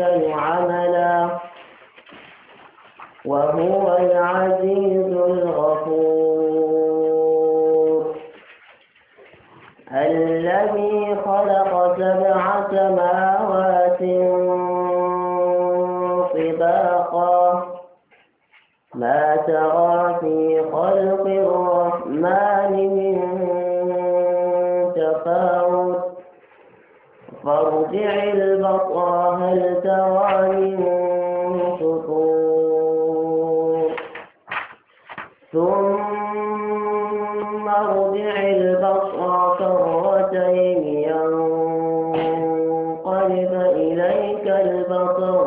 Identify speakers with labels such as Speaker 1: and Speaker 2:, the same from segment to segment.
Speaker 1: أحسن عملا وهو العزيز الغفور الذي خلق سبع سماوات طباقا ما ترى في خلق الرحمن من تفاوت فارجع أقوى هل ترى ثم ارجع البصر كرتين ينقلب إليك البصر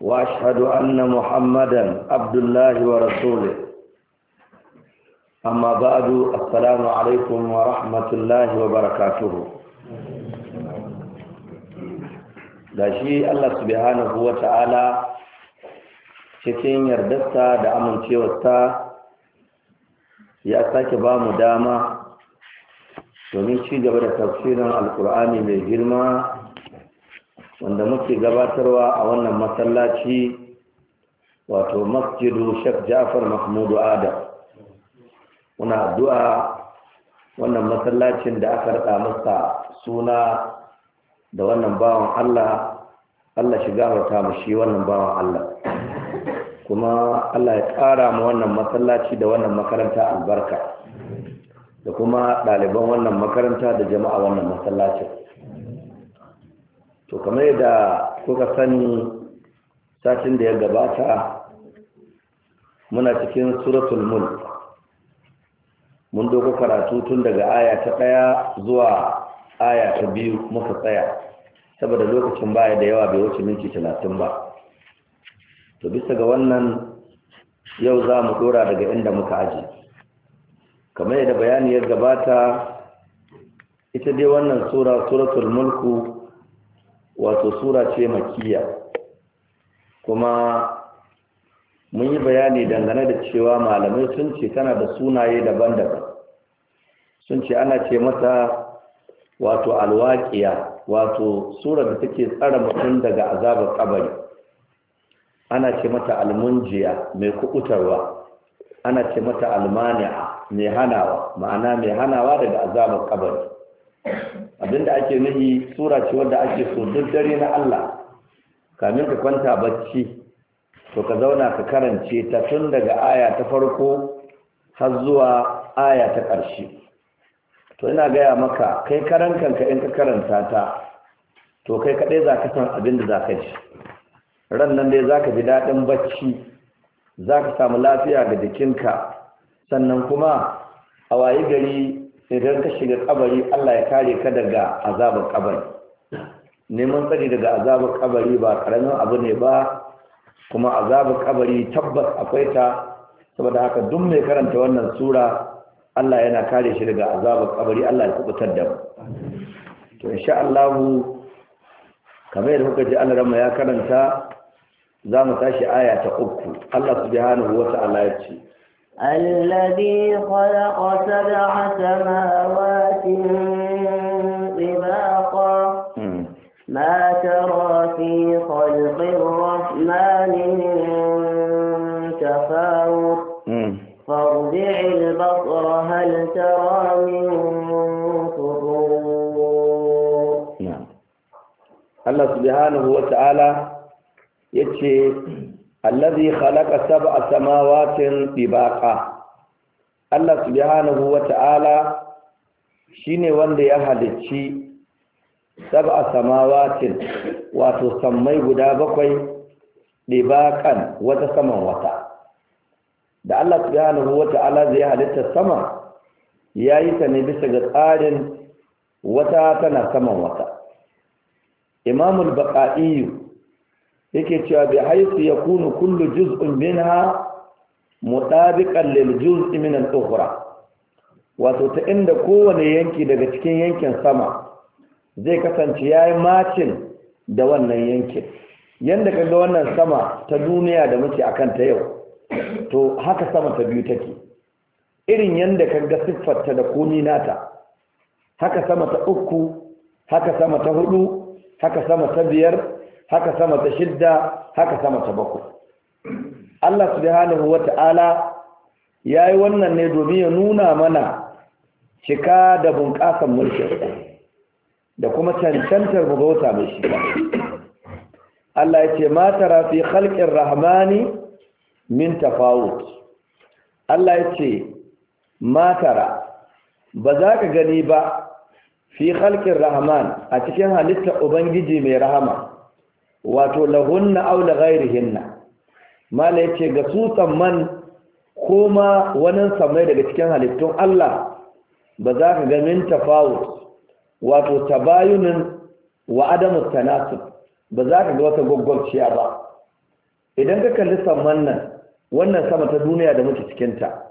Speaker 2: واشهد ان محمدا عبد الله ورسوله اما بعد السلام عليكم ورحمه الله وبركاته gashi Allah subhanahu wa ta'ala cikin yardarsa da amincewarsa ya sake ba mu dama domin ci gaba da tafsirin alkur'ani mai girma wanda muke gabatarwa a wannan masallaci wato masjidu Sheikh Ja'far Mahmudu Adam muna addu'a wannan masallacin da aka rada masa suna da wannan bawan Allah Allah shiga gafarta mu shi wannan bawan Allah kuma Allah ya kara mu wannan masallaci da wannan makaranta albarka da kuma ɗaliban wannan makaranta da jama'a wannan masallacin to kamar yadda kuka sani satin da ya gabata muna cikin suratul mulk mun dogo karatu tun daga aya ta ɗaya zuwa aya ta biyu muka tsaya saboda lokacin baya da yawa bai wuce minti talatin ba to bisa ga wannan yau za mu dora daga inda muka aji kamar yadda bayani ya gabata ita dai wannan sura suratul mulku wato sura ce makiya kuma mun yi bayani dangane da cewa malamai sun ce tana da sunaye daban-daban sun ce ana ce mata wato alwaƙiya wato sura da take tsara mutum daga azabar kabari ana ce mata almunjiya mai kukutarwa ana ce mata almaniya mai hanawa ma'ana mai hanawa daga azabar kabari abinda ake nahi sura ce wanda ake so duk dare na Allah kamin ka kwanta bacci to ka zauna ka karance ta tun daga aya ta farko har zuwa aya ta ƙarshe to ina gaya maka kai karan kanka in ka karanta ta to kai kaɗai za ka san abinda za ka ji ran nan dai za ka ji daɗin bacci za ka samu lafiya ga jikinka sannan kuma a wayi gari Sai don ka shiga kabari Allah ya kare ka daga azabar kabari neman tsari daga azabar kabari ba karamin abu ne ba kuma azabar kabari tabbas akwai ta saboda haka duk mai karanta wannan sura Allah yana kare shi daga azabar kabari Allah ya kubutar da mu to insha Allah kamar yadda kuka ji Allah ya karanta za mu tashi aya ta uku Allah subhanahu wa ta'ala ya ce
Speaker 1: الذي خلق سبع سماوات طباقا ما ترى في خلق الرحمن من تفاوت فارجع البصر هل ترى من فطور نعم
Speaker 2: الله سبحانه وتعالى يتشي allazi khalaqa sab'a samawatin tibaqa Allah subhanahu wata'ala shine wanda ya halicci sab'a samawatin wato sammai guda bakwai dibaqan wata saman wata da Allah subhanahu wata'ala zai halitta sama yayi ta ne bisa ga tsarin wata tana saman wata Imamul baqaiyu yake cewa bi haisu ya kunu kullu juz'un minha mutabiqan lil juz'i min al-ukhra wato ta inda kowane yanki daga cikin yankin sama zai kasance yayi macin da wannan yankin yanda kaga wannan sama ta duniya da muke a kanta yau to haka sama ta biyu take irin yanda kaga siffarta da komi nata haka sama ta uku haka sama ta hudu haka sama ta biyar haka sama ta shidda haka sama ta bakwai Allah subhanahu wata'ala ya yi wannan ne domin ya nuna mana cika da bunƙasan mulkin da kuma cancantar bugauta mai shiga Allah ya ce matara fi halƙin rahmani min tafawut Allah ya ce matara ba za ka gani ba fi halƙin rahman a cikin halittar ubangiji mai rahama wato lahunna aw la ghairihinna mala yace ga su tsamman koma wani samai daga cikin halittun Allah ba za ka ga min tafawut wato tabayunin wa adamu tanasub ba za ka ga wata gwaggwabciya ba idan ka kalli samman nan wannan sama ta duniya da muke cikinta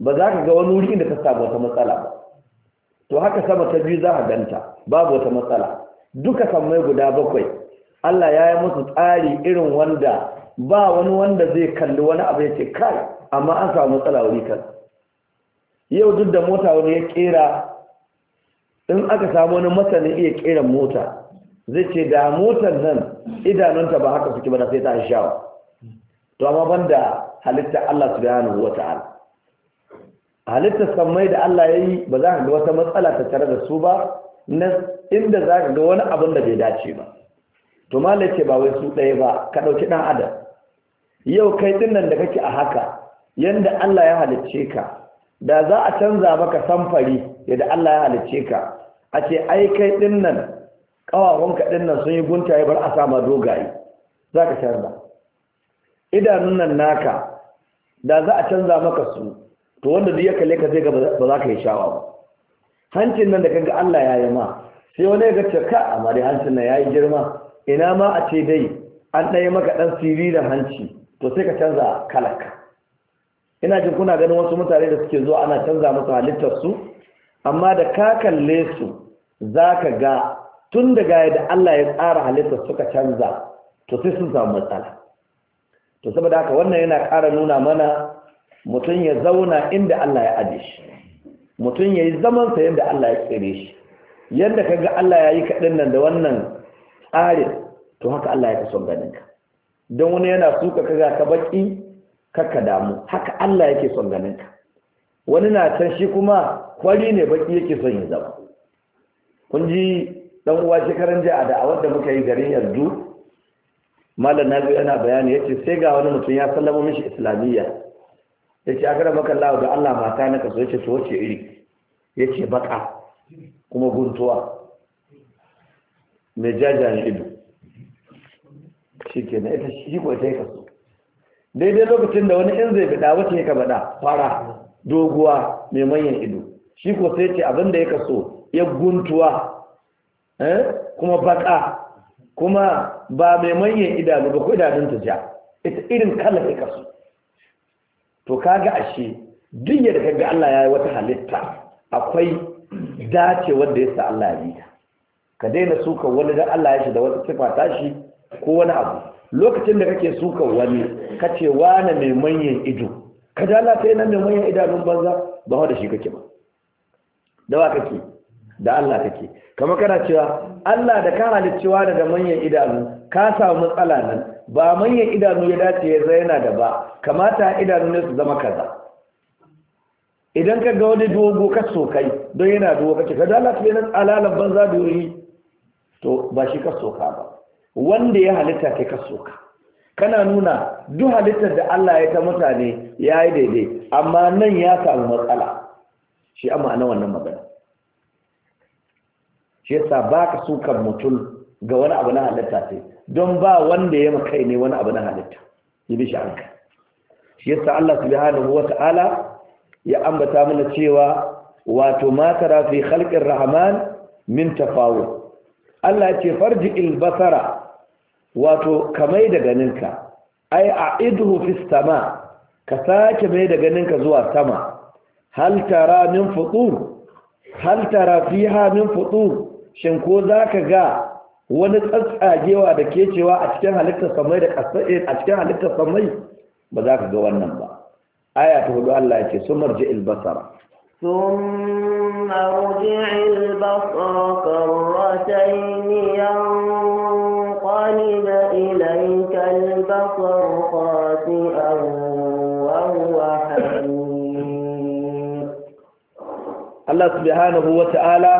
Speaker 2: ba za ka ga wani wuri da ta samu wata matsala ba to haka sama ta biyu za ka ganta babu wata matsala duka sammai guda bakwai Allah ya yi musu tsari irin wanda ba wani wanda zai kalli wani abu ya ce kai amma an samu matsala wuri kan yau duk da mota wani ya kera in aka samu wani masanin iya kera mota zai ce da motar nan idanunta ba haka suke ba sai ta shawa to amma banda halitta Allah subhanahu wata'ala halitta sammai da Allah ya yi ba za ka ga wata matsala ta tare da su ba inda za ka ga wani abin da bai dace ba to malace ce ba wai su ɗaya ba ka ɗauki ɗan adam yau kai ɗin nan da kake a haka yanda Allah ya halicce ka da za a canza maka samfari yadda Allah ya halicce ka a ce ai kai ɗin nan ƙawawanka ɗin nan sun yi guntaye bar a sama dogaye za ka canza idanun nan naka da za a canza maka su to wanda duk ya kalle ka zai ga ba za ka yi shawa ba hancin nan da kaga Allah ya yi ma sai wani ya ga ka amma dai hancin nan ya yi girma ina ma a ce dai an ɗaya maka ɗan siririn hanci to sai ka canza kalaka ina jin kuna ganin wasu mutane da suke zuwa ana canza masu halittarsu amma da ka kalle su za ka ga tun daga yadda Allah ya tsara halittar suka canza to sai sun samu matsala to saboda haka wannan yana ƙara nuna mana mutum ya zauna inda Allah ya aje shi mutum ya yi zamansa yadda Allah ya tsere shi yadda ka ga Allah ya yi kaɗin nan da wannan tsarin to haka Allah ya fi son ganin ka don wani yana suka kaga ka baki kakka damu haka Allah yake son ganin ka wani na can shi kuma kwari ne baki yake son yin zama kun ji dan uwa shekaran jiya a da'awar da muka yi garin yanzu malam nabi yana bayani yace sai ga wani mutum ya sallama mishi islamiyya yace akara maka Allah da Allah mata naka so yace to wace iri yace baka kuma guntuwa mai jajayen ido shi ke na ita shi kuwa ita yi kaso. daidai lokacin da wani fi zai ta yi ka baɗa fara doguwa mai manyan ido shi kuwa sai ce abinda yaka so ya guntuwa eh, kuma baƙa, kuma ba mai manyan idanu ba ko idanun ta ja ita irin kala ya kaso. to kaga ashe duk yadda ga Allah ya yi wata halitta akwai dace wanda ya sa Allah ya yi ta ka daina suka wani da Allah ya shi da wata sifa tashi ko wani abu lokacin da kake suka wani ka ce wani mai manyan ido ka ji Allah sai nan mai manyan idanun banza ba da shi kake ba da wa kake da Allah kake kamar kana cewa Allah da ka halicciwa daga manyan idanu ka samu matsala nan ba manyan idanu ya dace ya zaina da ba kamata idanu ne su zama kaza idan ka ga wani dogo ka sokai don yana dogo kake ka da Allah sai nan alalan banza da wuri to ba shi ka soka ba wanda ya halitta kai ka soka kana nuna duk halittar da Allah ya ta mutane ya yi daidai amma nan ya samu matsala shi amma na wannan magana shi yasa ba ka sukan mutum ga wani abu na halitta sai don ba wanda ya makai ne wani abu na halitta yi bi shi shi yasa Allah subhanahu wa ta'ala ya ambata mana cewa wato ma tara fi khalqir rahman min tafawut Allah ce farji ilbasara wato ka mai da ganinka ai a idu sama ka sake mai da ganinka zuwa sama hal tara min futur hal tara fiha min futur shin ko zaka ga wani tsatsagewa da ke cewa a cikin halittar samai da kasai eh, a cikin halittar samai ba za ka ga wannan ba aya ta hudu Allah ya ce sumarji ilbasara
Speaker 1: ثم رجع البصر كرتين ينقلب إليك البصر خاسئا وهو
Speaker 2: حمير الله سبحانه وتعالى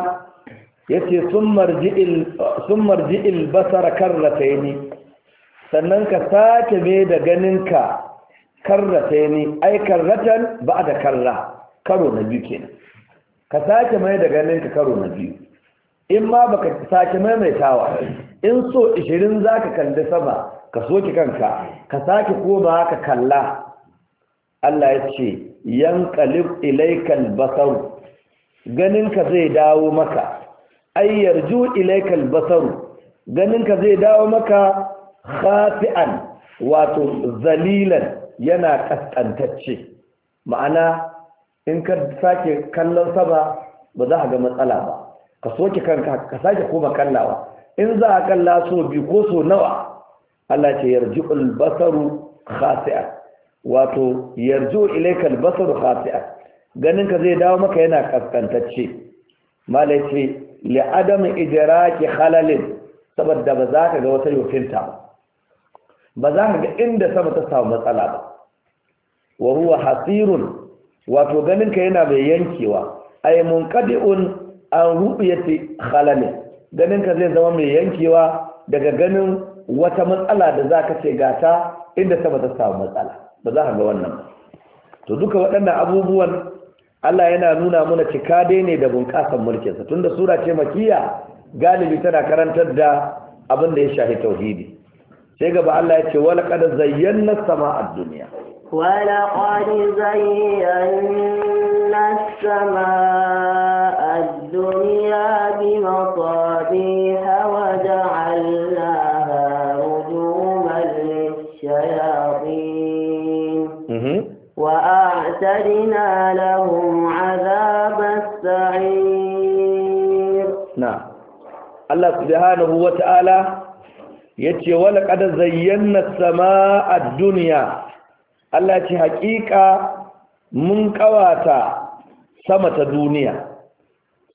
Speaker 2: yace sun marji'il basara karrata ne sannan ka sake me da ganinka karrata ne ai karratan ba da karra karo na biyu kenan ka sake mai da ganin ka karo na biyu in ma baka sake maimaitawa in so 20 zaka kalli sama ka soki kanka ka sake koma ka kalla Allah ya ce yanqalib ilaykal basar ganinka zai dawo maka ay yarju ilaykal basar ganinka zai dawo maka khafi'an wato zalilan yana kaskantacce ma'ana in ka sake kallon saba, ba za a ga matsala ba ka soke kanka ka sake koma kallawa in za a kalla so biyu ko so nawa Allah ce yarji'ul basaru khasi'a wato yarju ilayka al-basaru ganin ka zai dawo maka yana kaskantacce malai ce li adam idraki halalin saboda ba za ka ga wata yofinta ba ba za ka ga inda sama ta samu matsala ba wa huwa hasirun wato ganinka yana mai yankewa ay munqadi'un an ru'yati khalami ganin ka zai zama mai yankewa daga ganin wata matsala da za ka ce gata inda ta bata samu matsala ba za ka ga wannan to duka waɗannan abubuwan Allah yana nuna mana cika dai ne da bunƙasar mulkinsa tunda sura ce makiya galibi tana karantar da abin da ya shafi tauhidi sai gaba Allah ya ce wal qad zayyana a duniya.
Speaker 1: ولقد زينا السماء الدنيا بمصابيح وجعلناها رجوما للشياطين وأعتدنا لهم عذاب السعير
Speaker 2: نعم الله سبحانه وتعالى يتي ولقد زينا السماء الدنيا Allah ce haƙiƙa mun ƙawata sama ta duniya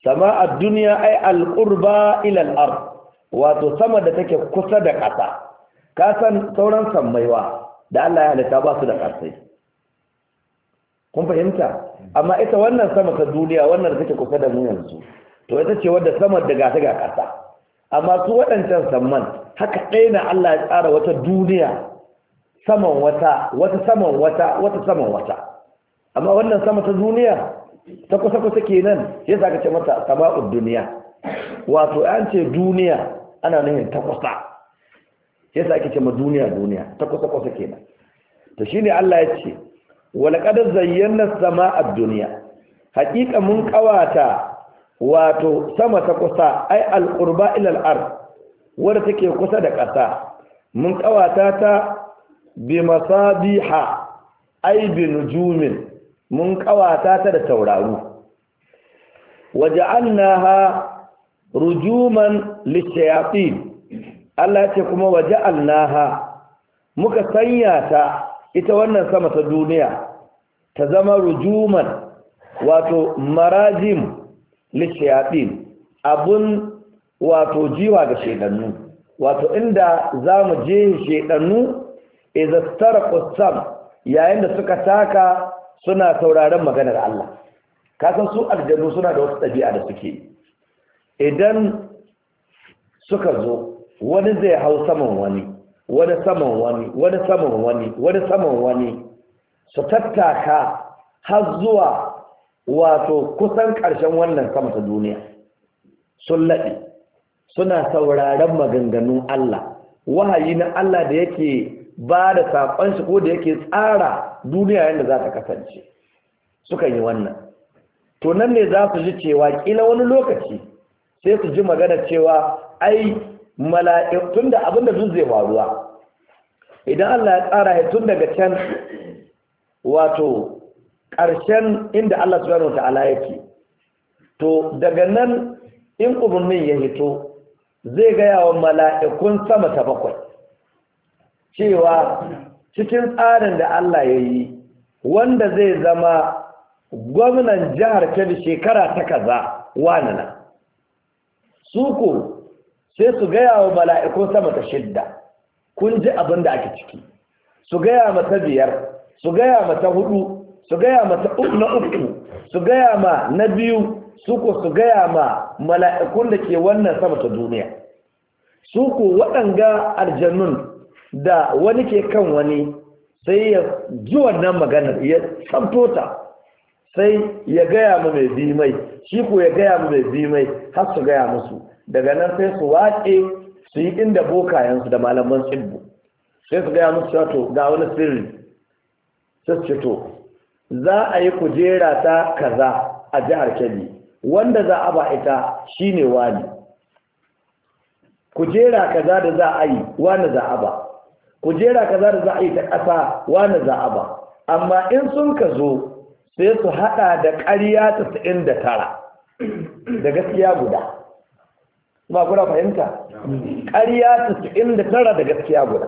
Speaker 2: sama a duniya ai alƙurba ilal ar wato sama da take kusa da ƙasa ka san sauran sammaiwa da Allah ya halitta ba su da ƙasai kun fahimta amma ita wannan sama ta duniya wannan da take kusa da mu yanzu to ita ce wadda sama da gata ga ƙasa amma su waɗancan samman haka ɗaya na Allah ya tsara wata duniya saman wata wata saman wata wata saman wata amma wannan sama ta duniya ta kusa kusa kenan ya ka ce mata sama'ud duniya wato an ce duniya ana nufin ta kusa ya saka ce ma duniya duniya ta kusa kusa kenan to shine Allah ya ce walaqad zayyana sama'ud duniya Hakika mun kawata wato sama ta kusa ai al-qurba ila al-ard wadda take kusa da ƙasa mun kawata ta bi masabiha ay bi nujumin mun kawata ta da tauraru waja'alnaha rujuman lishayatin Allah ya ce kuma waja'alnaha muka sanya ta ita wannan sama ta duniya ta zama rujuman wato marajim lishayatin abun wato jiwa ga shedannu wato inda zamu mu je shedannu izastara kusam yayin da suka taka suna sauraron maganar Allah kasan su aljannu suna da wasu ɗabi'a da suke idan suka zo wani zai hau saman wani wani saman wani wani saman wani wani saman wani su tattaka har zuwa wato kusan ƙarshen wannan sama ta duniya sun laɗe suna sauraron maganganun Allah wahayi na Allah da yake ba da saƙon shi ko da yake tsara duniya yadda za ta kasance sukan yi wannan to nan ne za su ji cewa kila wani lokaci sai su ji magana cewa ai mala'ik tun da abin da zai faruwa idan Allah ya tsara ya tun daga can wato ƙarshen inda Allah yano ta'ala yake to daga nan in umarnin ya hito zai gaya wa mala'ikun sama ta bakwai cewa cikin tsarin da Allah ya yi wanda zai zama gwamnan jihar kebe shekara ta kaza wanana suku sai su gaya wa mala'ikun sama ta shidda kun ji abin da ake ciki su gaya mata biyar su gaya mata hudu su gaya mata na uku su gaya ma na biyu suku su gaya ma mala'ikun da ke wannan sama ta duniya suku waɗanga aljannun da wani ke kan wani sai ya ji wannan maganar ya tsamto sai ya gaya mu mai bi mai shi ko ya gaya mu mai bi mai har su gaya musu daga nan sai su waƙe su yi inda bokayensu da malaman tsibbu sai su gaya musu wato, ga wani sirri sai su to za a yi kujera ta kaza a jihar kebbi wanda za a ba ita shine wani kujera kaza da za a yi wani za a ba Ku jera ka za a yi ta ƙasa wani za a ba amma in sun ka zo sai su haɗa da ƙarya tasa'in da tara da gaskiya guda ba kuna fahimta ƙarya tasa'in da tara da gaskiya guda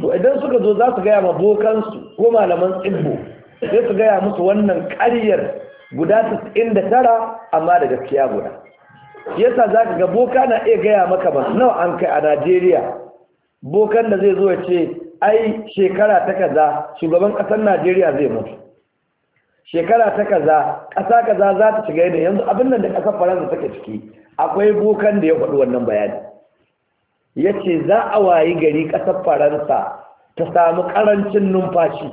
Speaker 2: to idan suka zo za su gaya ma bokansu ko malaman tsibbo sai su gaya musu wannan ƙaryar guda tasa'in da tara amma da gaskiya guda yasa za ka ga boka na iya gaya maka ba nawa an kai a najeriya bokan da zai zo ya ce ai shekara ta kaza shugaban ƙasar najeriya zai mutu shekara ta kaza ƙasa kaza za ta shiga yanayi yanzu abin nan da kasar faransa take ciki akwai bokan da ya faɗi wannan bayani ya ce za a wayi gari ƙasar faransa ta samu ƙarancin numfashi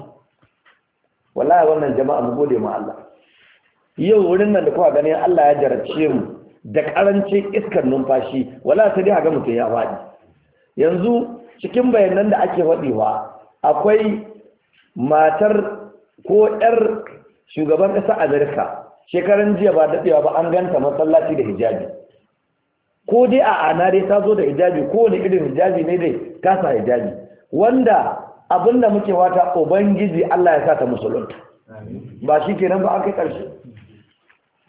Speaker 2: wallahi wannan jama'a mu gode ma Allah yau wurin nan da kuka gani Allah ya jarabce mu da karancin iskar numfashi wallahi sai dai ga mutum ya faɗi yanzu cikin bayanan da ake waɗewa akwai matar ko 'yar shugaban ƙasa Amerika shekaran jiya ba daɗewa ba an ganta masallaci da hijabi ko dai a ana dai ta zo da hijabi ko wani irin hijabi ne dai kasa hijabi wanda abinda muke wata ubangiji Allah ya sa ta musulunta ba shi kenan ba an kai ƙarshe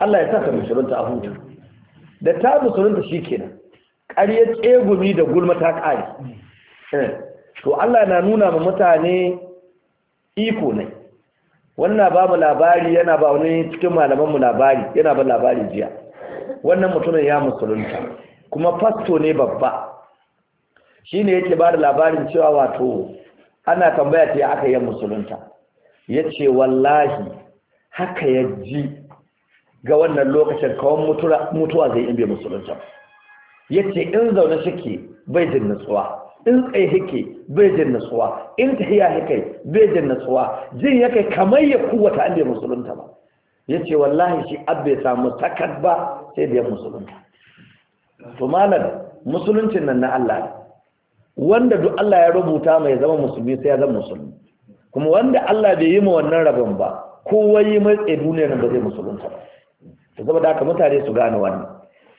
Speaker 2: Allah ya sa ta musulunta a hutu da ta musulunta shi kenan ƙarya tsegumi da gulma ta ƙari Eh, to Allah na nuna ma mutane iko ne wannan ba labari yana ba wani cikin malaman mu labari yana ba labari jiya wannan mutumin ya musulunta kuma fasto ne babba shine yake ba da labarin cewa wato ana tambaya ta aka yi musulunta yace wallahi haka ya ji ga wannan lokacin kawon mutuwa zai yi musulunta yace in zaune shike bai jin nutsuwa in tsaye hake bai jin nasuwa in tahiya hake bai jin nasuwa jin ya kai kamar ya kuwata an da musulunta ba ya ce wallahi shi abbe samu takad ba sai da musulunta to malar musuluncin nan na Allah wanda duk Allah ya rubuta mai zama musulmi sai ya zama musulmi kuma wanda Allah bai yi ma wannan rabon ba kowa yi mai tsaye duniyar ba zai musulunta ba to saboda haka mutane su gane wannan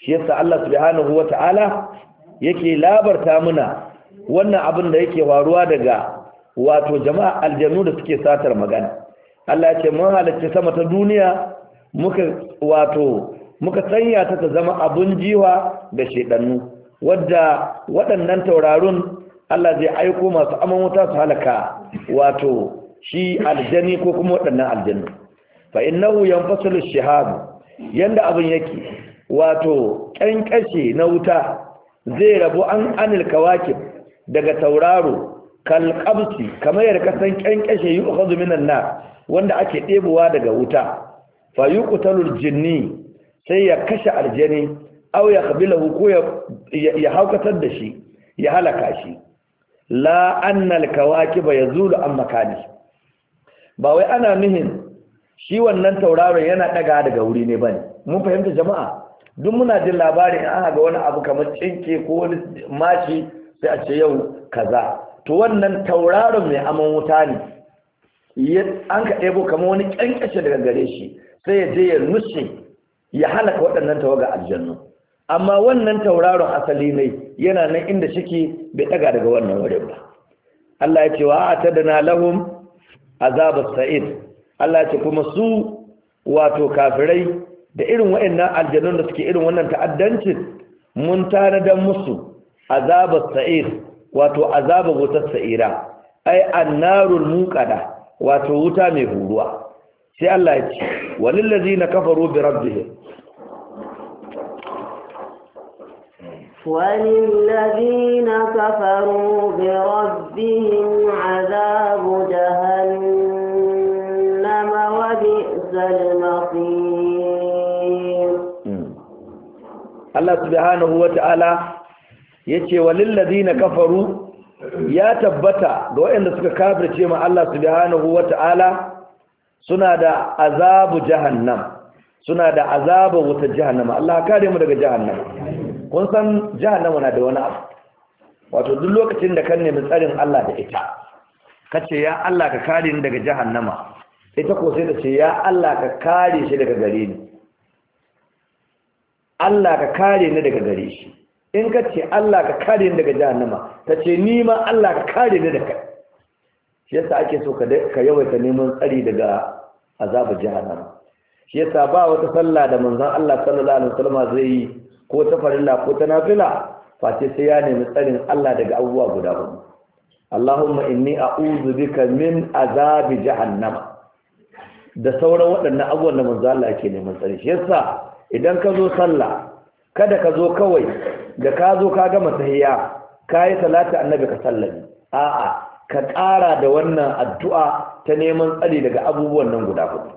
Speaker 2: shi yasa Allah subhanahu wata'ala yake labarta muna wannan abin da yake faruwa daga wato jama'a aljannu da suke satar magana Allah ya ce mun halacce sama ta duniya muka wato muka sanya ta ta zama abun jiwa da shedannu wadda waɗannan taurarun Allah zai aiko masu aman wuta su halaka wato shi aljani ko kuma waɗannan aljannu fa innahu yanfasilu shihab yanda abin yake wato kankashe na wuta zai rabu an anil kawakib daga tauraro kalqamsi kamar yar kasan kyankyashe yu'khadhu minan na wanda ake ɗebowa daga wuta fa yuqtalul jinni sai ya kashe aljani aw kabila ko ya haukatar da shi ya halaka shi la annal ya yazulu an makani ba wai ana nuhin shi wannan tauraron yana daga daga wuri ne bane mun fahimta jama'a duk muna jin labarin an ga wani abu kamar cinke ko wani mashi sai a ce yau kaza to wannan tauraron mai aman wuta ne an ka ɗebo kama wani ƙyanƙyashe daga gare shi sai ya je ya nushe ya halaka waɗannan tawaga aljannu amma wannan tauraron asali ne yana nan inda shike bai ɗaga daga wannan wurin ba Allah ya ce wa a na lahum azabar sa'id Allah ya ce kuma su wato kafirai da irin wa'annan aljannun da suke irin wannan ta'addancin mun da musu عذاب السعير واتو عذاب غوت السعيرا أي النار المنقدة واتو غوتا مهوروا سي الله يتي وللذين كفروا بربهم
Speaker 1: وللذين كفروا بربهم عذاب جهنم وبئس المصير
Speaker 2: الله سبحانه وتعالى wa walil ladina kafaru ya tabbata ga waɗanda suka kafirce ma Allah subhanahu wata'ala suna da azabu jahannam suna da azabu wata jahannama Allah kare mu daga jahannama kun san jahannama na da wani abu wato duk lokacin da kan nemi tsarin Allah da ita kace ya Allah ka kare ni daga jahannama ita ko sai ta ce ya Allah ka kare shi daga gare ni Allah ka kare ni daga gare shi in ka ce Allah ka kare ni daga jahannama ta ce ni ma Allah ka kare ni daga shi yasa ake so ka yawaita neman tsari daga azabu jahannama shi yasa ba wata sallah da manzon Allah sallallahu alaihi wasallam zai yi ko ta farilla ko ta nafila face sai ya nemi tsarin Allah daga abubuwa guda hudu Allahumma inni a'udhu bika min azabi jahannama da sauran waɗannan abubuwan da manzon Allah yake neman tsari shi yasa idan ka zo sallah kada ka zo kawai da ka zo ka gama sahiya ka yi salati annabi ka sallami a'a ka ƙara da wannan addu'a ta neman tsari daga abubuwan nan guda hudu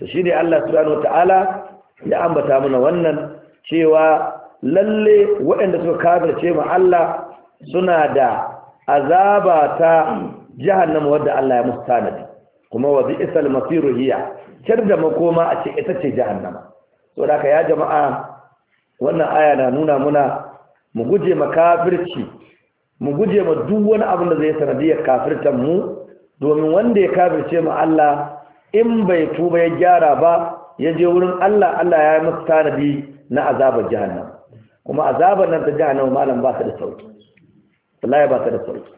Speaker 2: to shine Allah subhanahu wataala ya ambata mana wannan cewa lalle waɗanda suka kafirce mu Allah suna da azaba ta jahannama wadda Allah ya musu tanadi kuma wa bi'sal masiru hiya kyar makoma a ce ita ce jahannama saboda ya jama'a wannan aya na nuna muna mu guje ma kafirci mu guje ma duk wani abin da zai sanadiyar kafirtan mu domin wanda ya kafirce mu Allah in bai tuba ya gyara ba ya je wurin Allah Allah ya yi masa tanadi na azabar jahannam kuma azabar nan ta jahannam malam ba ta da sauki wallahi ba ta da sauki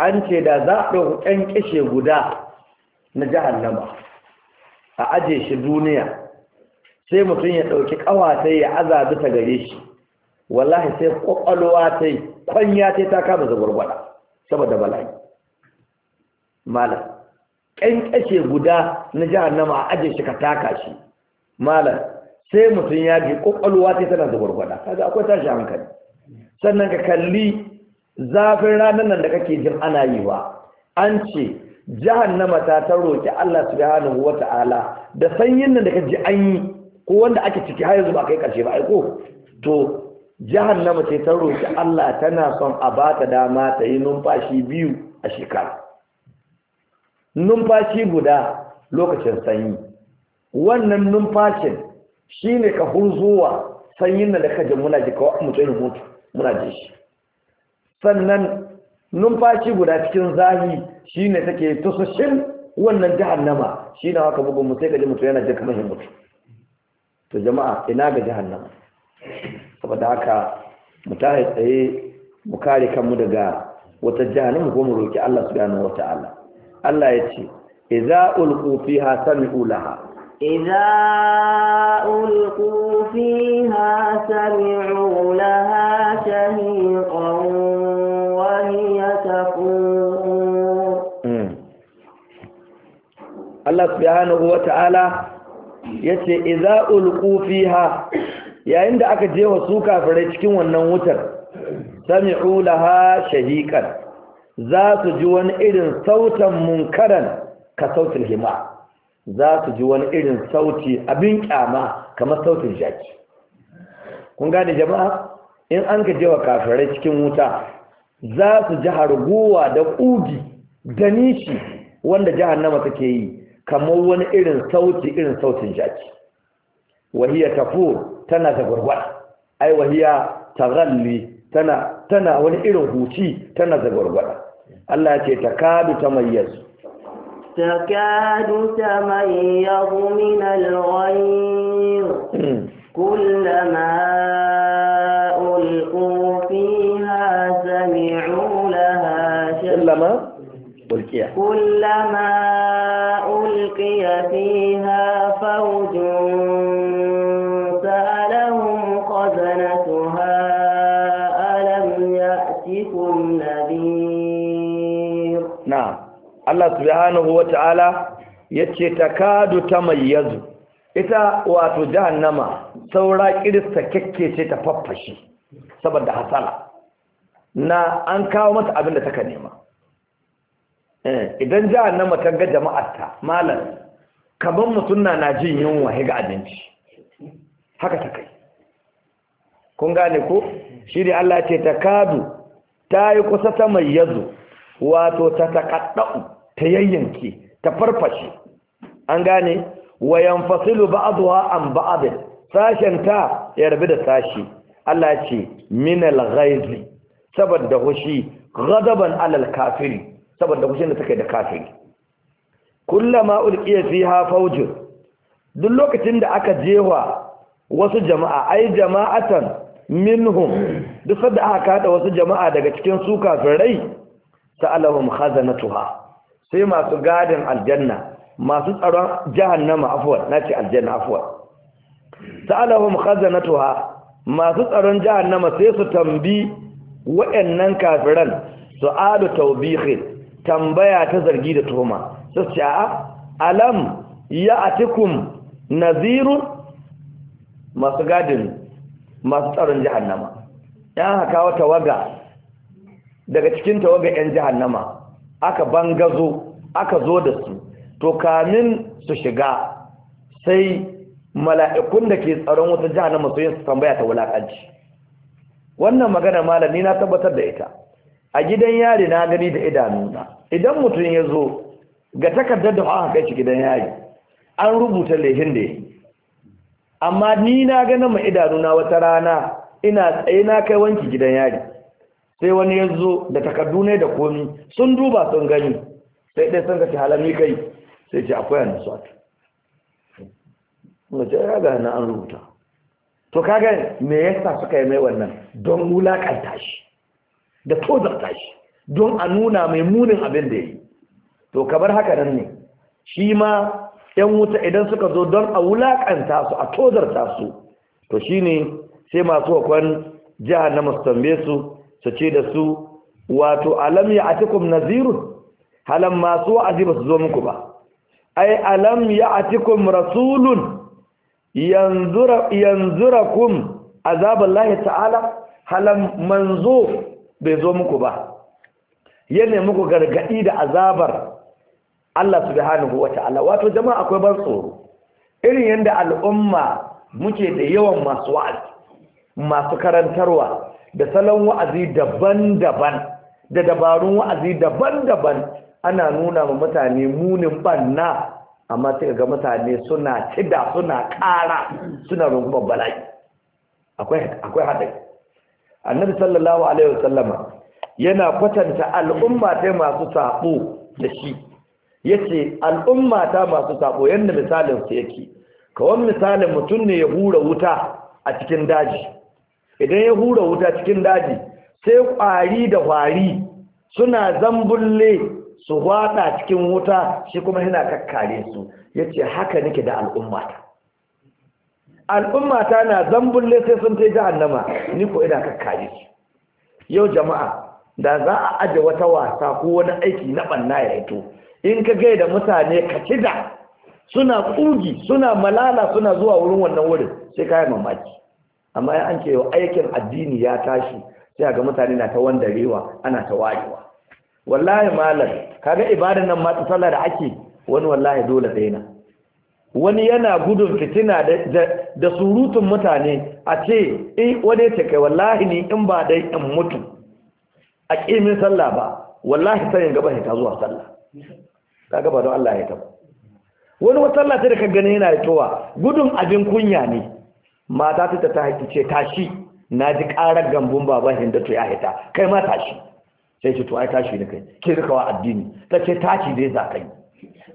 Speaker 2: an ce da za a ɗauki ɗan kishe guda na jahannama a aje shi duniya sai mutum ya ɗauki ƙawa ya azabi ta gare shi wallahi sai ƙwaƙwalwa ta yi kwanya ta ta kama zagwargwada saboda bala'i malam ƙanƙashe guda na jahannama a ajiye shi ka taka shi malam sai mutum ya ji ƙwaƙwalwa ta tana zagwargwada kaga akwai tashi hankali sannan ka kalli zafin ranar nan da kake jin ana yi wa an ce jahannama ta ta roƙi Allah subhanahu ta'ala da sanyin nan da ka ji an yi ko wanda ake ciki har yanzu ba kai karshe ba aiko to jahannama ce ta roki Allah tana son a ba ta dama ta yi numfashi biyu a shekara numfashi guda lokacin sanyi wannan numfashin shine ka hunzuwa sanyin da ka ji muna ji ka mutum mutu, muna ji shi sannan numfashi guda cikin zahi shine take tusashin wannan jahannama shine haka bugun mu sai ka ji mutum yana ji kamar mutum to jama'a ina ga jahannama saboda haka mu tahi tsaye mu kare kanmu daga wata jahannama ko mu roki Allah subhanahu wata'ala Allah ya ce idza ulqu fiha sami'u laha
Speaker 1: idza ulqu fiha sami'u laha
Speaker 2: hmm. Allah subhanahu ta'ala. yace idza ulqu fiha yayin da aka jewa su kafirai cikin wannan wutar sami'u laha shahiqan za su ji wani irin sautan munkaran ka sautin hima za su ji wani irin sauti abin kyama kamar sautin jaki kun gane jama'a in an ka jewa kafirai cikin wuta za su ji harguwa da ƙugi da nishi wanda jahannama take yi kamar wani irin sauti irin sautin jaki wahiya tafur tana da gurgwada ai wahiya taghalli tana tana wani irin huci tana da gurgwada Allah ya ce takadu tamayyazu
Speaker 1: takadu tamayyazu min al-ghayr hmm. kullama ulqu fiha sami'u laha kullama ulqiya kullama ألقي فيها فوج سألهم خزنتها ألم يأتكم نذير
Speaker 2: نعم الله سبحانه وتعالى yace takadu ita wato jahannama saura kirista ce ta faffashe saboda hasala na an kawo mata abin da take nema Eh, idan jahannama ta ga jama'arta malam kamar mutum na jin yunwa ga abinci haka ta kai kun gane ko shi ne Allah ce ta kadu ta yi kusa ta mai yazo wato ta takaddau ta yayyanke ta farfashe an gane wayan fasilu ba'dha an ba'd sashen ta ya rabu da sashi Allah ce minal al-ghaizi saboda hushi ghadaban alal kafiri saboda kushin da take da kafiri kullama ulqiya fiha fawj duk lokacin da aka jewa wasu jama'a ai jama'atan minhum duk sadda aka kada wasu jama'a daga cikin su kafirai sa'alahum khazanatuha sai masu gadin aljanna masu tsaron jahannama afwan nace aljanna afwan sa'alahum khazanatuha masu tsaron jahannama sai su tambi waɗannan kafiran su'alu tawbihin tambaya ta zargi da tuhuma sai ce a alam ya atikum Naziru masu gadin masu tsaron jahannama yan haka wata waga daga cikin tawaga yan jahannama aka bangazo aka zo da su to kamin su shiga sai mala'ikun da ke tsaron wata jahannama su yin tambaya ta wulakanci wannan magana malami na tabbatar da ita a gidan yari na gani da idanuna idan mutum ya zo ga takardar da aka kai shi gidan yari an rubuta lehin da amma ni na gani ma idanuna wata rana ina tsaye na kai wanki gidan yari sai wani ya zo da takardu ne da komi sun duba sun gani sai ɗaya sun kashe halami kai sai ce akwai an nasuwa mace ya ga an rubuta to kaga me yasa suka yi mai wannan don wulakanta shi da tozarta shi don a nuna mai munin abin da ya yi to kamar haka nan ne shi ma ‘yan wuta idan suka zo don a wulaƙanta su a tozarta su to shi ne sai masu wakon jiha na mustambe su su ce da su wato alam ya cikin nazirun Halam masu wa'azi ba su zo muku ba ai alam ya cikin rasulun yanzurakum azaballahi ta'ala halan manzo bai zo muku ba yana muku gargaɗi da azabar Allah subhanahu wata'ala wato jama'a akwai ban tsoro irin yadda al'umma muke da yawan masu wa'azi masu karantarwa da salon wa'azi daban-daban da dabarun wa'azi daban-daban ana nuna ma mutane munin banna amma suka ga mutane suna cida suna kara suna rungumar bala'i akwai haɗari annabi sallallahu alaihi wasallama yana kwatanta al'umma ta masu sabo da shi yace al'umma ta masu sabo yanda misalin su yake kawan misalin mutum ne ya hura wuta a cikin daji idan ya hura wuta cikin daji sai kwari da kwari suna zambulle su hwada cikin wuta shi kuma yana kakkare su yace haka nake da al'umma ta al'umma ta na zambun sai sun je annama, ni ko ina kakkaje yau jama'a da za a aje wata wasa ko wani aiki na ɓanna ya hito in ka gai da mutane ka kida suna kugi suna malala suna zuwa wurin wannan wurin sai ka yi mamaki amma ya an wa aikin addini ya tashi sai ga mutane na ta wandarewa ana ta wayewa wallahi malam kaga ibadan nan ma ta da ake wani wallahi dole daina wani yana gudun fitina da surutun mutane a ce in eh, wani ce kai wallahi ni in ba dai in mutu a ƙimin sallah ba wallahi sai in gaba ta zuwa sallah ta gaba don Allah ya taba wani wata sallah ta da ka gani yana fitowa gudun abin kunya ne mata ta ta haƙi ce tashi na ji ƙarar gambun baban hindatu ya hita kai ma tashi sai ce to ai tashi da kai ke rikawa addini ta ce tashi dai za ka yi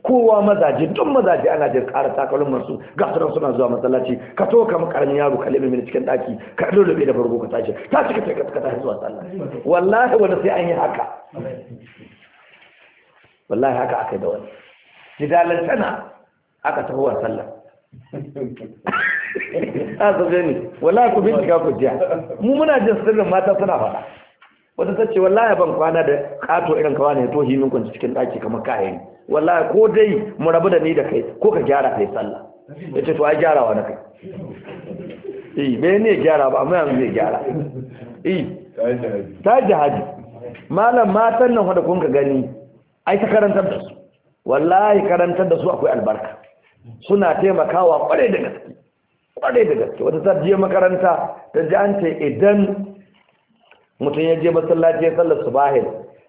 Speaker 2: kowa mazaje duk mazaje ana jin ƙara takalin masu ga sunan suna zuwa masallaci ka to mu karamin yaro ka lebe mini cikin daki ka lulube da farko ka tashi ta cika ta ka tashi zuwa sallah wallahi wanda sai an yi haka wallahi haka akai da wani jidalan tana aka taho wa sallah a sabe ne wallahi ku ka ku jiya mu muna jin sirrin mata suna faɗa wata ta ce wallahi ban kwana da kato irin kawa ne to himin kwanci cikin daki kamar kayan wallahi ko dai mu rabu da ni da kai ko ka gyara kai sallah yace to ai gyarawa na kai eh me ne gyara ba amma yanzu zai gyara eh ta jihadi malam matan nan wanda kun ka gani ai ta karantar da su wallahi karantar da su akwai albarka suna taimakawa kware da gaske kware da gaske wata ta je makaranta ta ji an ce idan mutum ya je masallaci ya sallar subahil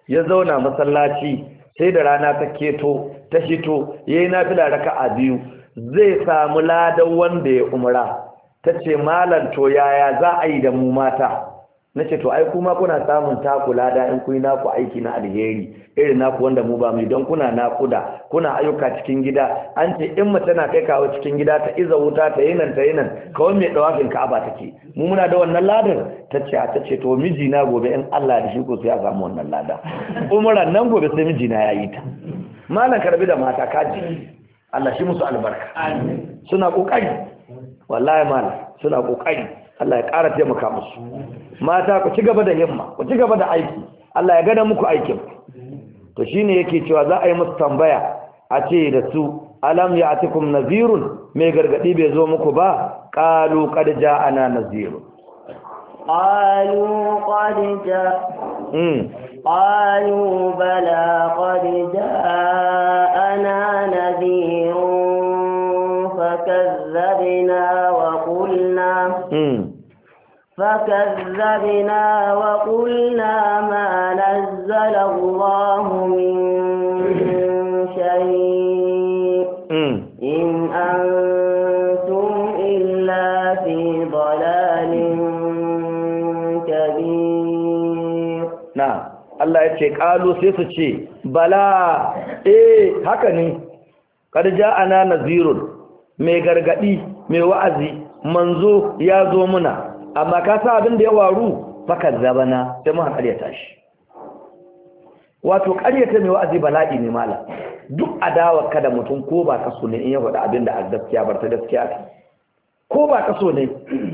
Speaker 2: ya zauna masallaci sai da rana ta keto ta hito yayi nafila a biyu zai samu ladan wanda ya umra tace malam Toyaya yaya za a yi da mu mata na ce to ai kuma kuna samun ta kula da in kun naku aiki na alheri irin naku wanda mu ba mu don kuna nakuda kuna ayyuka cikin gida an ce in mace na kai kawo cikin gida ta iza wuta ta yi nan ta yi nan kawai mai dawafin ka'aba take mu muna da wannan ladar ta ce ta ce to miji na gobe in Allah da shi ko sai a samu wannan lada umran nan gobe sai miji na yayi ta malam karbi da mata kaji Allah shi musu albarka amin suna kokari wallahi suna kokari Allah ya ƙara taimaka musu mata ku ci gaba da himma ku ci gaba da aiki Allah ya gada muku aikin to shine yake cewa za a yi musu tambaya a ce da su alam ya ya'tikum nazirun mai gargadi bai zo muku ba qalu qad ja'ana nazirun
Speaker 1: qalu qad ja'a hmm. Bala بلى قد Nazirun, نذير فكذبنا وقلنا م. فكذبنا وقلنا ما نزل الله من شيء إن أنتم إلا في ضلال كبير
Speaker 2: نعم Allah ya ce ƙalu sai su ce bala eh haka ne ƙarja ana nazirun mai gargaɗi mai wa'azi manzo ya zo muna amma ka sa abin da ya waru fakar zabana sai muka ya tashi. wato ta mai wa'azi bala'i ne mala duk adawa ka da mutum ko ba kaso ne in ya faɗi abin da a gaskiya bar ta gaskiya ta ko ba kaso ne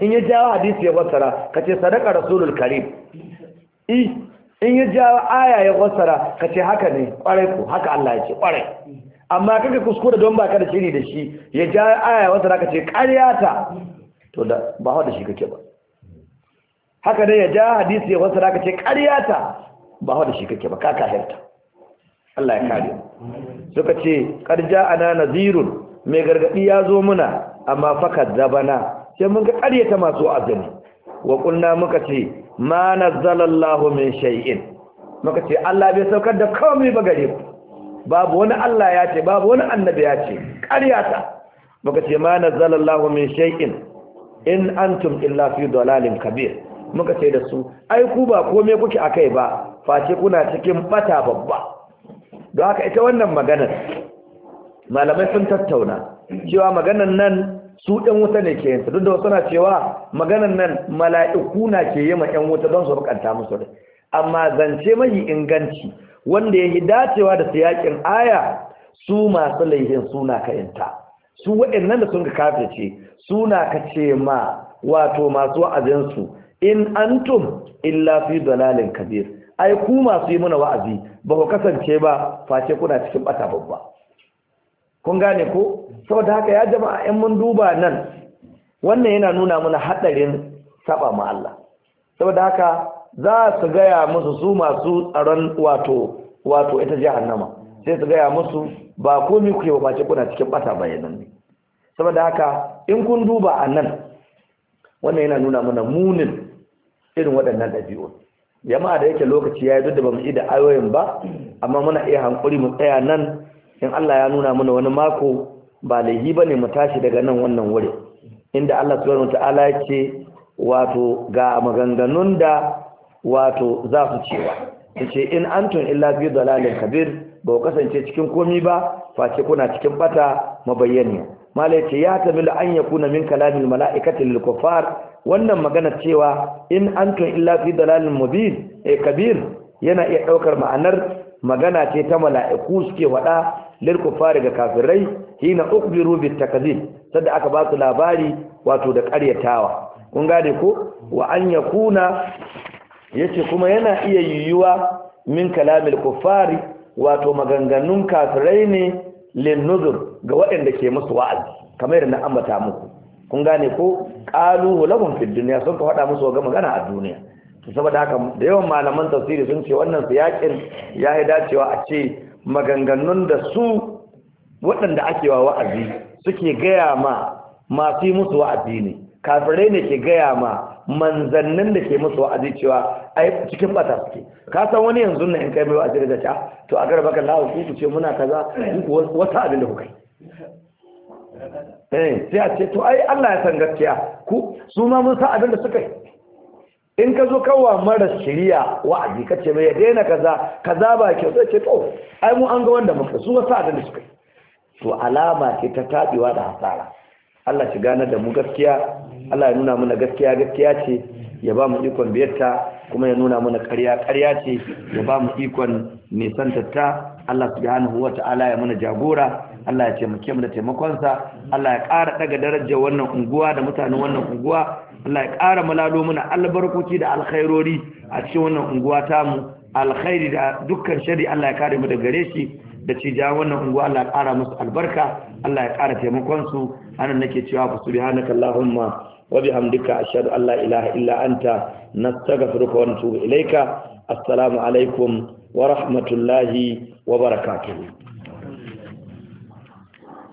Speaker 2: in ya jawo hadisi ya wasara, ka ce sadaka rasulul karim i in ya jawo aya ya wasara ka ce haka ne kwarai ko haka Allah ya ce kwarai amma kake kuskure don baka da shiri da shi ya jawo aya wasara ka ce ƙarya ta to da ba hawa da shi kake ba haka dai ya ja hadisi ya wasu raka ce ƙaryata ba hau da shi kake ba ka kahirta Allah ya kare suka ce ƙarja ana nazirun mai gargaɗi ya zo muna amma fakar zabana sai mun ga ƙaryata masu azumi wa ƙunna muka ce ma nazzalallahu min shay'in muka ce Allah bai saukar da komai ba gare ku babu wani Allah ya ce babu wani annabi ya ce ƙaryata muka ce ma nazzalallahu min shay'in in antum illa fi dalalin kabir muka ce da su ai ku ba komai kuke a kai ba face kuna cikin bata babba don haka ita wannan maganar malamai sun tattauna cewa maganar nan su ɗan wuta ne ke yinsa duk da wasu na cewa maganar nan mala'iku na ke yi ma ƴan wuta don su bukanta musu da amma zance mai inganci wanda ya yi dacewa da siyakin aya su masu laihin suna ka yinta su waɗannan da sun ka kafe ce suna ka ce ma wato masu wa'azinsu in antum illa fi dalalin kabir ai ku masu yi muna wa'azi ba ku kasance ba face kuna cikin bata babba kun gane ko saboda haka ya jama'a in mun duba nan wannan yana nuna mana hadarin saba ma Allah saboda haka za su gaya musu su masu tsaron wato wato ita jahannama sai su gaya musu ba komai kuke ba face kuna cikin bata bayanan ne saboda haka in kun duba a nan wannan yana nuna mana munin irin waɗannan ɗabi'u jama'a da yake lokaci ya yi duk da ba mu da ayoyin ba amma muna iya hankuri mu tsaya nan in Allah ya nuna mana wani mako ba laihi ba ne mu tashi daga nan wannan wuri inda Allah subhanahu ta'ala ya ce wato ga maganganun da wato za su cewa ta ce in antum illa fi dalalin kabir ba ku kasance cikin komi ba face kuna cikin bata mabayyani malai ya ce ya tamil an yakuna min kalamil mala'ikati lil wannan magana cewa in antum illa fi dalalin mubin e kabir yana iya ɗaukar ma'anar magana ce ta mala'iku suke wada lil kufari ga kafirai hina ukhbiru bit takzib sadda aka ba su labari wato da ƙaryatawa kun gane ko wa an yakuna yace kuma yana iya yiwuwa min kalamil kufari wato maganganun kafirai ne lin ga waɗanda ke musu wa'azi kamar yadda na ambata muku kun gane ko qalu lahum fid dunya sun ka faɗa musu ga magana a duniya to saboda haka da yawan malaman tafsiri sun ce wannan siyakin ya yi dacewa a ce maganganun da su waɗanda ake wa wa'azi suke gaya ma masu musu wa'azi ne kafirai ne ke gaya ma manzannin da ke musu wa'azi cewa ai cikin bata suke ka san wani yanzu na in kai mai wa'azi da ta ah, to a garba kan ku ce muna kaza ku wata abin da ku kai. eh sai a ce to ai Allah ya san gaskiya ku su ma mun san abin da suka yi in ka zo kawa mara shiriya wa'azi ka ce mai ya daina kaza kaza ba kyau sai ce to ai mu an ga wanda muka su wasu abin da suka yi to alama ce ta taɓewa da hasara Allah shi gane da mu gaskiya Allah ya nuna mana gaskiya gaskiya ce ya ba mu ikon biyarta kuma ya nuna mana ƙarya ƙarya ce ya ba mu ikon nisantatta Allah subhanahu ala ya mana jagora Allah ya taimake mu da taimakonsa Allah ya ƙara daga darajar wannan unguwa da mutanen wannan unguwa Allah ya ƙara mulalo mana albarkoci da alkhairori a cikin wannan unguwa tamu alkhairi da dukkan shari Allah ya kare mu da gare shi da ci ja wannan unguwa Allah ya ƙara musu albarka Allah ya ƙara taimakonsu anan nake cewa fa subhanakallahumma wa bihamdika ashhadu an la ilaha illa anta nastaghfiruka wa natubu ilaika assalamu alaikum wa rahmatullahi wa barakatuh